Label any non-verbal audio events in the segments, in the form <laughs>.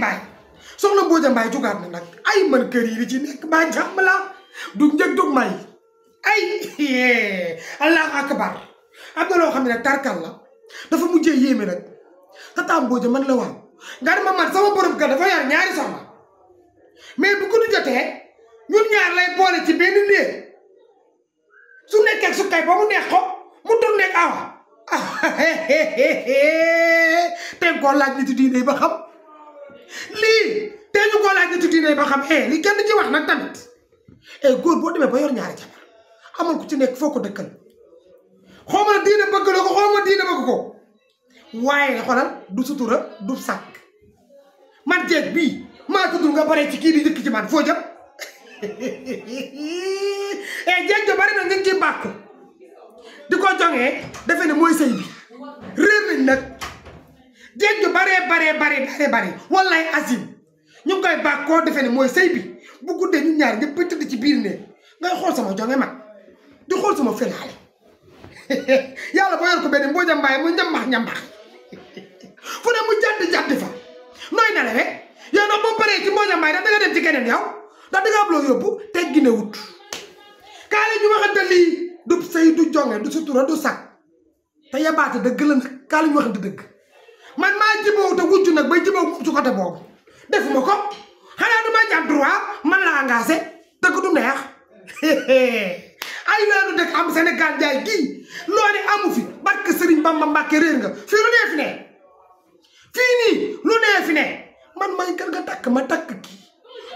mbaay soxna Mbodia Mbaye jugaat na nag ay man kër yi li ci nekk maa jàmm la du njëg dug may ay <laughs> allahu akbar am na loo xam ne nag tarkal la dafa mujjee yéeme nag tata Mbodia man la waaw nga ne ma man sama borom kër dafa yar ñaari soxna mais bu ko du ñaar lay boole ci benn néeg su nekkee ak sukkay ba mu neex ko mu tur nekk awa ah <laughs> tey ko laaj nit diine ba xam. lii te ñu koo laaj nitu diine ba xam eh li kenn ci wax nag tamit eh góor boo demee ba yor ñaari jabar amal ku ci nekk foo ko dëkkal xaw ma diine bëgg la ko xaw diine bëgg ko waaye xoolal du sutura du sàkk man jeeg bii maa tuddul nga bare ci kii di njëkk foo jëm <laughs> eh jeeg na nga ciy di ko joŋee defe ne mooy sëy bi réer nag. jën ju baree baree baree baree baree wallaay asim ñu ngi koy baax koo defee ne mooy sëy bi bu guddee ñu ñaar ñëpp ba tëdd ci biir ne ngay xool sama jonge mag di xool sama felaale <laughs> yàlla boo yor ko benn boo jàmbaay mu njambax njambax <laughs> fu ne mu jàdd jàdd fa nooy na la rek yow nag boo paree ci mbooja mbaay da nga dem ci keneen yaw ndax da nga am loo yóbbu teggi ne wut kaa la ñu waxante lii du sëy du jonge du sutura du sag te yabaate dëgg la nag ñu waxante dëgg man maa jiboo te wujju nag bay jiboo ci côté boobu defuma ko xanaa du ma ci am droit man la engagé dëgg du neex <laughs> ay loolu dëkk am Sénégal jaay gii loolu amu fi barke Serigne Bamba Mbàkke réer nga fii lu nee fi ne fii lu nee ne man may kër nga takk ma takk kii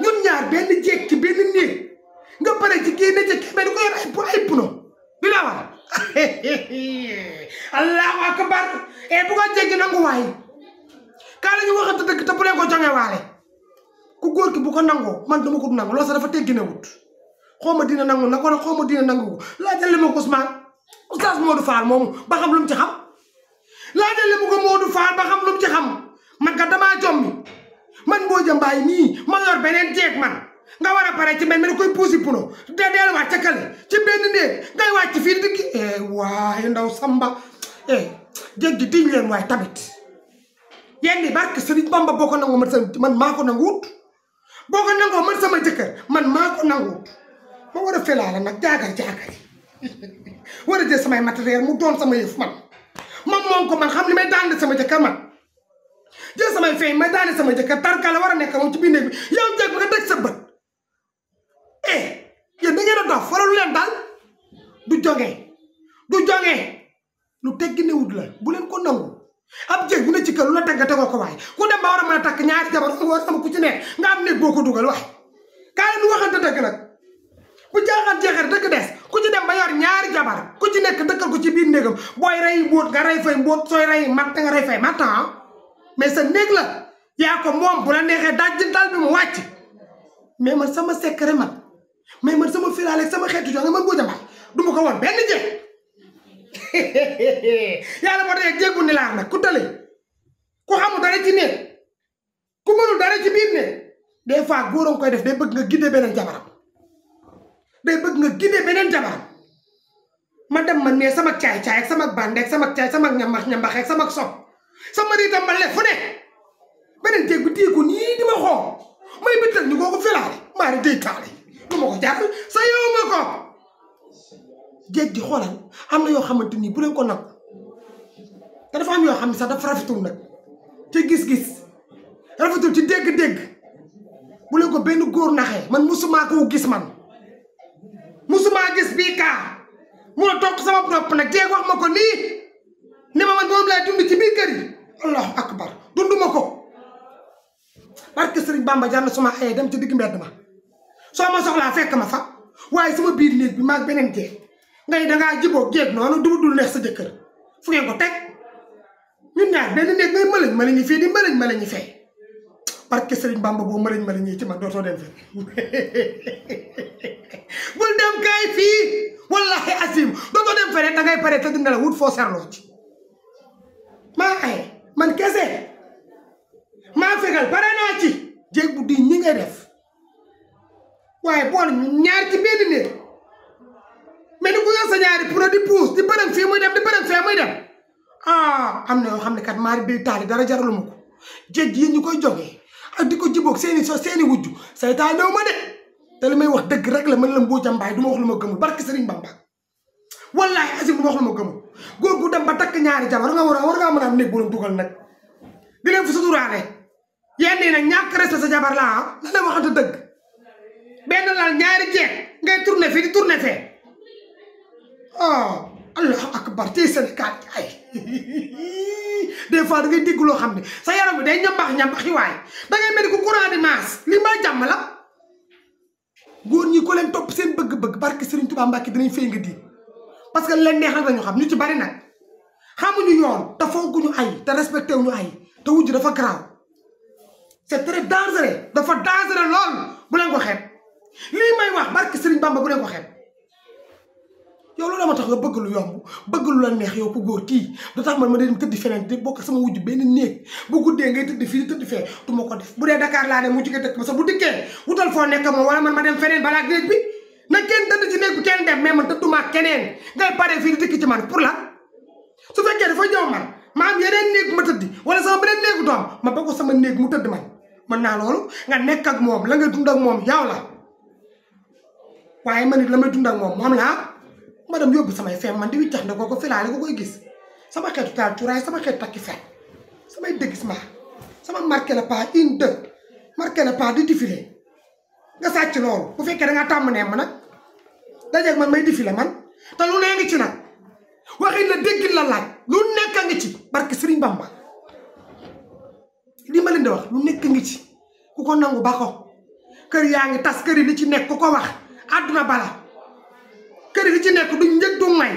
ñun ñaar benn jéeg ci benn néeg nga pare ci kii ne ci du ko yor ay ay puno bi la war <laughs> allahu akbar et eh, bu ko jéggi nangu waaye kaa la ñu waxante dëgg te bu ko jongewaale ku góor ki bu ko nangoo man dama ko du nangu loolu dafa teggi ne wut xaw ma dina nangu na ko xaw ma dina nangu laajal li ma ko moo Oustaz Modou Fall moomu ba xam lu mu ci xam laajal li ma ko du Fall ba xam lu mu ci xam man kat damaa jommi man Mbodia Mbaye mii ma yor beneen jeeg man nga war a pare ci mel ni koy puusi puno de delluwaat ca kale ci benn néeg ngay wàcc fii dikki eh waaye ndaw eh jéggi diñ leen waaye tamit yenn barke Sëriñ Bamba boo ko nangoo man sa man maa ko nanguwut boo ko nangoo ma sama jëkkër man maa ko nanguwut ma war a felaala nag jaagar <laughs> samay matériel mu doon sama yëf man man moom ko man xam li may daan sama jëkkër man jël samay feeñ may daane sama jëkkër tarka la war a nekk ci biir néeg bi yow jéeg ba nga daj sa bët eh da dof wala lu leen du jógee du jógee lu teggi newut la bu leen ko nangu ab jéeg bu ne ci kër lu la teg nga ko waaye ku dem ba war a mën takk ñaari jabar war ku ci nekk nga am boo ko dugal waaye kaa leen waxante dëgg des ku ci dem ba yor ñaari jabar ku ci nekk dëkkal ko ci biir néegam booy nga rey fay mbóot sooy rey matt nga rey fay matt ah. mais sa néeg la yaa ko moom bu la neexee dajji dal bi mu wàcc mais ma sama secret ma mais ma sama firaale sama xeetu jox nga mën koo jàmbaat du ma ko woon benn jéeg yàlla moo tax jéggu ni laar nag ku tële ku xamul dara ci néeg ku mënul dara ci biir néeg des fois góoram koy def day bëgg nga gidde beneen jabaram day bëgg nga gidde beneen ma dem man nee sama caay-caay sama bàndeek sama caay sama ñambax-ñambax ak sama sob sama riitam ma le fu ne beneen jéeg bi téye ko nii di ma xool may bital ñu koo ko filaale maa ri day taale lu ma ko jàpp sa yow ma ko géej gi xoolal am na yoo xamante ni bu leen ko nangu te dafa yoo xam ne sax dafa rafetul nag ci gis-gis rafetul ci dégg-dégg bu leen ko benn góor naxee man musumaa koo gis man musumaa gis bii kaa mu la toog sama bopp nag jéeg wax ma ko nii ne ma man moom laay dund ci biir kër yi allahu akbar dunduma ko barke Sëriñ Bamba jar na suma ayee dem ci digg mbedd ma soo ma soxlaa fekk ma fa waaye sama biir néeg bi maag beneen jeeg ngay dangaa jiboo géeg noonu du dul neex sa jëkkër fu ngeen ko teg ñun ñaar benn néeg ngay mëlañ mëlañ ñi fii di mëlañ mëlañ parce que Sëriñ Bamba boo mëlañ mëlañ ñi ci man dootoo dem <laughs> bul dem kaay fii wallahi asim dootoo dem feneen da ngay pare te dina la wut foo maa ay man kese maa fegal pare naa ci jéeg bu def waaye bool ñaar ci benn mais ni ku yor ñaari pro di di bërëm fii muy dem di bërëm fee muy dem ah am na yoo xam ne kat maari bi taali dara jaralu ma ko jéeg yi ñu koy jogee ak di ko jiboog seeni so seeni wujju saytaan néew ma de te li may wax dëgg rek la man la mboo jambaay du ma wax lu ma gëmul barke Sëriñ Bamba wallahi asim du ma wax lu ma gëmul góor gu dem ñaari jabar nga war a war ngaa mën a am néeg bu dugal nag di leen fi suturaale yenn yi nag ñàkk respect sa jabar benn laal ñaari jeeg ngay tourné fii di tourné fee ah allahu akbar tey Sénégal ay des fois da ngay dégg loo xam ne sa yaram bi day ñambax ñambax yi waaye da ngay mel maas li mbaa jàmm la góor ñi ko leen topp seen bëgg-bëgg barke Serigne Touba Mbacke dinañ fay nga di parce que leen neex rek lañu xam ñu ci bari nag xamuñu yoon te fonkuñu ay te respecté wuñu ay te wujj dafa garaaw c'est très dangereux dafa dangereux lool bu leen ko xeeb lii may wax barke Serigne Bamba bu leen ko yow loolu ma tax nga bëgg lu yomb bëgg lu la neex yow ku góor kii da tax man ma dem tëdd feneen di bokk sama wujj benn néeg bu guddee nga tëdd fii di tëdd fee du ma ko def bu dee Dakar laa dem mu jógee dëkk ba sax bu dikkee wutal foo nekk moom wala man ma dem feneen balaa néeg na kenn tëdd dem mais man tëdduma keneen ngay pare fii di dëkk ci man pour la su fekkee dafa ñëw man ma am yeneen néeg ma tëdd wala sama beneen néegu ma bokk sama néeg mu tëdd man mën naa loolu nga nekk ak moom la nga dund ak moom yow la waaye man it la may dund ak moom moom la madame yóbbu samay feem man di wiccax na ko ko filaale ko koy gis sama xeetu taal cuuraay sama xeetu takki fer samay dëggis ma sama marqué le pas une nga sàcc loolu bu fekkee da nga tàmm ma nag dajeeg man may défilé man te lu nee ngi ci nag waxin la déggin la lu nekk a ngi ci barke Sëriñ Bamba li ma leen di wax lu nekk ngi ci ku ko nangu ba ko kër yaa ngi tas kër yi li ci nekk ku ko wax àdduna bala kër gi ci nekk du njëg du may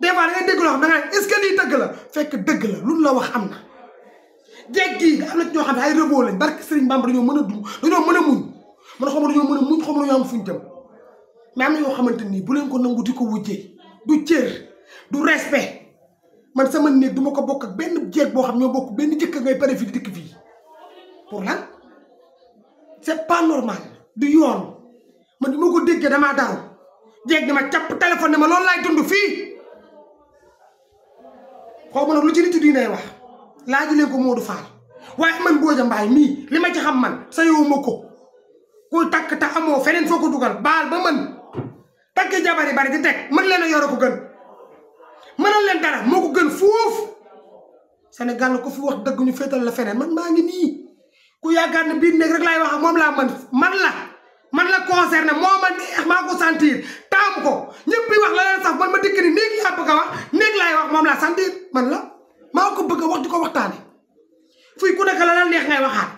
des fois da ngay dégg loo xam da nga est-ce que lii dëgg la fekk dëgg la luñ la wax am na. jeeg gii am na ci ñoo xam ne ay rebo lañ barke Serigne Bamba dañoo mën a dund dañoo mën a muñ man xam dañoo mën a muñ xam dañoo am fuñ dem mais am na yoo xamante nii bu leen ko nangu di ko wujjee du cër du respect man sama néeg du ma ko bokk ak benn jeeg boo xam ñoo bokk benn jëkk ngay pare fii di dikk fii pour lan c'est pas normal du yoon man bi ma ko déggee damaa daal jeeg di ma càpp téléphone ne ma loolu laay dund fii xaw ma nag lu ci nit di wax laaju leen ko Modou Fall waaye man Mbodia Mbaye mii li ma ci xam man sa yow ma ku takk te amoo feneen foo ko dugal baal ba mën takk jabari bari di teg mën leen a yore ko gën mënal leen dara moo ko gën foofu Sénégal ko fi wax dëgg ñu féetal la feneen man maa ngi nii ku yaakaar ne biir néeg rek laay wax moom laa man man la man la concerné moo a neex maa ko sentir taamu ko ñëpp yi wax la leen sax man ma dikk ni néeg laa bëgg a wax néeg laay wax moom laa sentir man la maa ko bëgg a wax di ko waxtaane fii ku nekk la la neex ngay waxaat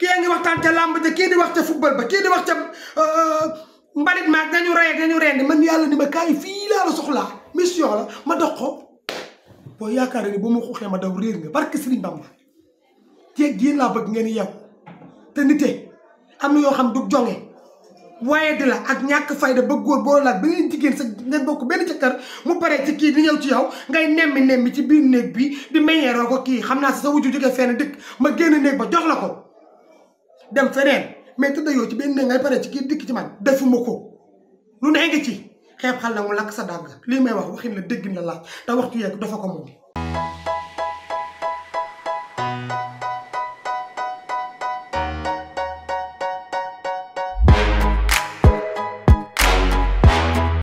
kii ngi waxtaan ca làmb ja kii di wax ca football ba kii di wax ca euh, euh, mbalit maag dañu rey dañu rendi man yàlla ni ma kaay fii laa la soxlaa mission la ma dox ko boo yaakaar ni bu ma xuuxee ma daw réer nga barke Sëriñ Bamba jéeg yéen laa bëgg ngeen yeew te nite am na yoo xam du jonge waaye di la ak ñàkk fayda ba góor boo laaj ba ngeen jigéen sa ngeen bokk benn ca kër mu paree ci kii di yow ci yow ngay nemmi nemmi ci biir néeg bi di meññeeroo ko kii xam naa si sa wujju jógee fenn dëkk ma génn néeg ba jox la ko dem feneen mais tëdda yoo ci benn néeg ngay pare ci kii dikk ci man defuma ko lu ne ngi ci xeeb xal na mu lakk sa dàgg lii may wax waxin la déggin la laaj te waxtu yeeg dafa ko moom